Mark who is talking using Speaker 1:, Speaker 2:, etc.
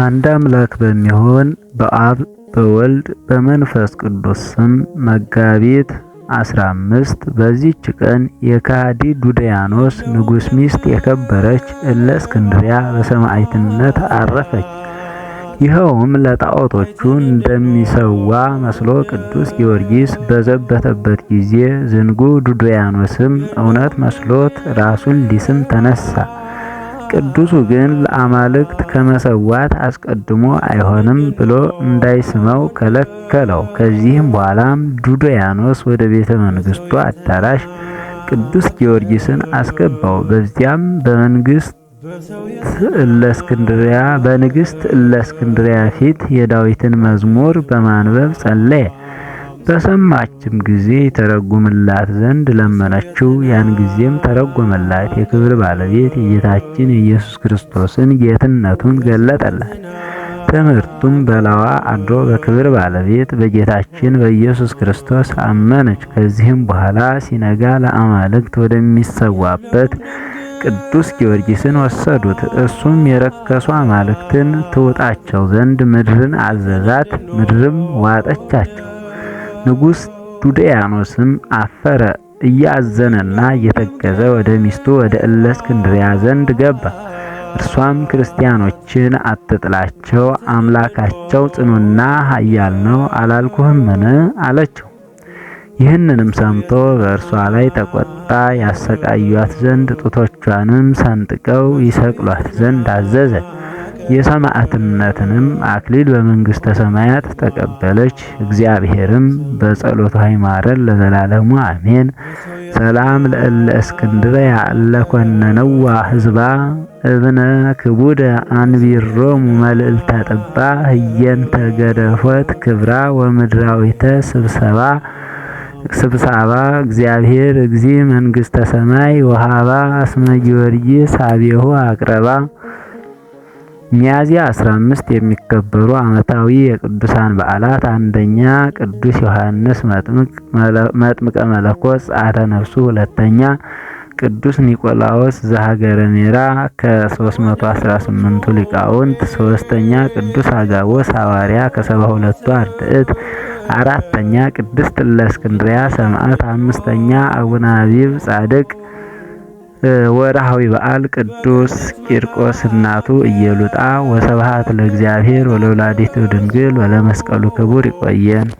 Speaker 1: አንድ አምላክ በሚሆን በአብ በወልድ በመንፈስ ቅዱስ ስም መጋቢት 15 በዚች ቀን የካዲ ዱድያኖስ ንጉሥ ሚስት የከበረች እለእስክንድርያ በሰማዕትነት አረፈች። ይኸውም ለጣዖቶቹ እንደሚሰዋ መስሎ ቅዱስ ጊዮርጊስ በዘበተበት ጊዜ ዝንጉ ዱድያኖስም እውነት መስሎት ራሱን ሊስም ተነሳ። ቅዱሱ ግን ለአማልክት ከመሰዋት አስቀድሞ አይሆንም ብሎ እንዳይስመው ከለከለው። ከዚህም በኋላም ዱዶያኖስ ወደ ቤተ መንግስቱ አዳራሽ ቅዱስ ጊዮርጊስን አስገባው። በዚያም በመንግስት እለእስክንድርያ በንግስት እለእስክንድርያ ፊት የዳዊትን መዝሙር በማንበብ ጸለየ። በሰማችም ጊዜ ተረጉምላት ዘንድ ለመነችው። ያን ጊዜም ተረጎመላት። የክብር ባለቤት የጌታችን የኢየሱስ ክርስቶስን ጌትነቱን ገለጠላት። ትምህርቱም በላዋ አድሮ በክብር ባለቤት በጌታችን በኢየሱስ ክርስቶስ አመነች። ከዚህም በኋላ ሲነጋ ለአማልክት ወደሚሰዋበት ቅዱስ ጊዮርጊስን ወሰዱት። እርሱም የረከሱ አማልክትን ትውጣቸው ዘንድ ምድርን አዘዛት። ምድርም ዋጠቻቸው። ንጉሥ ዱድያኖስም አፈረ፣ እያዘነና እየተገዘ ወደ ሚስቱ ወደ እለእስክንድርያ ዘንድ ገባ። እርሷም ክርስቲያኖችን አትጥላቸው፣ አምላካቸው ጽኑና ኃያል ነው አላልኩህምን? አለችው። ይህንንም ሰምቶ በእርሷ ላይ ተቆጣ። ያሰቃዩት ዘንድ ጡቶቿንም ሰንጥቀው ይሰቅሏት ዘንድ አዘዘ። የሰማዕትነትንም አክሊል በመንግሥተ ሰማያት ተቀበለች። እግዚአብሔርም በጸሎቷ ይማረን ለዘላለሙ አሜን። ሰላም ለእለ እስክንድረ ያለ ህዝባ እብነ ክቡደ አንቢሮሙ መልእልተ ጥባ ህየንተ ገደፎት ክብራ ወምድራዊተ ስብሰባ ስብሳባ እግዚአብሔር እግዚ መንግሥተ ሰማይ ወሃባ እስመ ጊዮርጊስ አብሁ አቅረባ ሚያዝያ 15 የሚከበሩ ዓመታዊ የቅዱሳን በዓላት፦ አንደኛ ቅዱስ ዮሐንስ መጥምቀ መለኮት ጸአተ ነፍሱ፣ ሁለተኛ ቅዱስ ኒቆላዎስ ዘሀገረ ሜራ ከ318ቱ ሊቃውንት፣ ሶስተኛ ቅዱስ አጋቦስ ሐዋርያ ከ72ቱ አርድእት፣ አራተኛ ቅድስት እለእስክንድርያ ሰማዕት፣ አምስተኛ አቡነ አቢብ ጻድቅ ወርሃዊ በዓል ቅዱስ ቂርቆስ እናቱ እየሉጣ ወሰብሃት ለእግዚአብሔር ወለወላዲቱ ድንግል ወለመስቀሉ ክቡር። ይቆየን።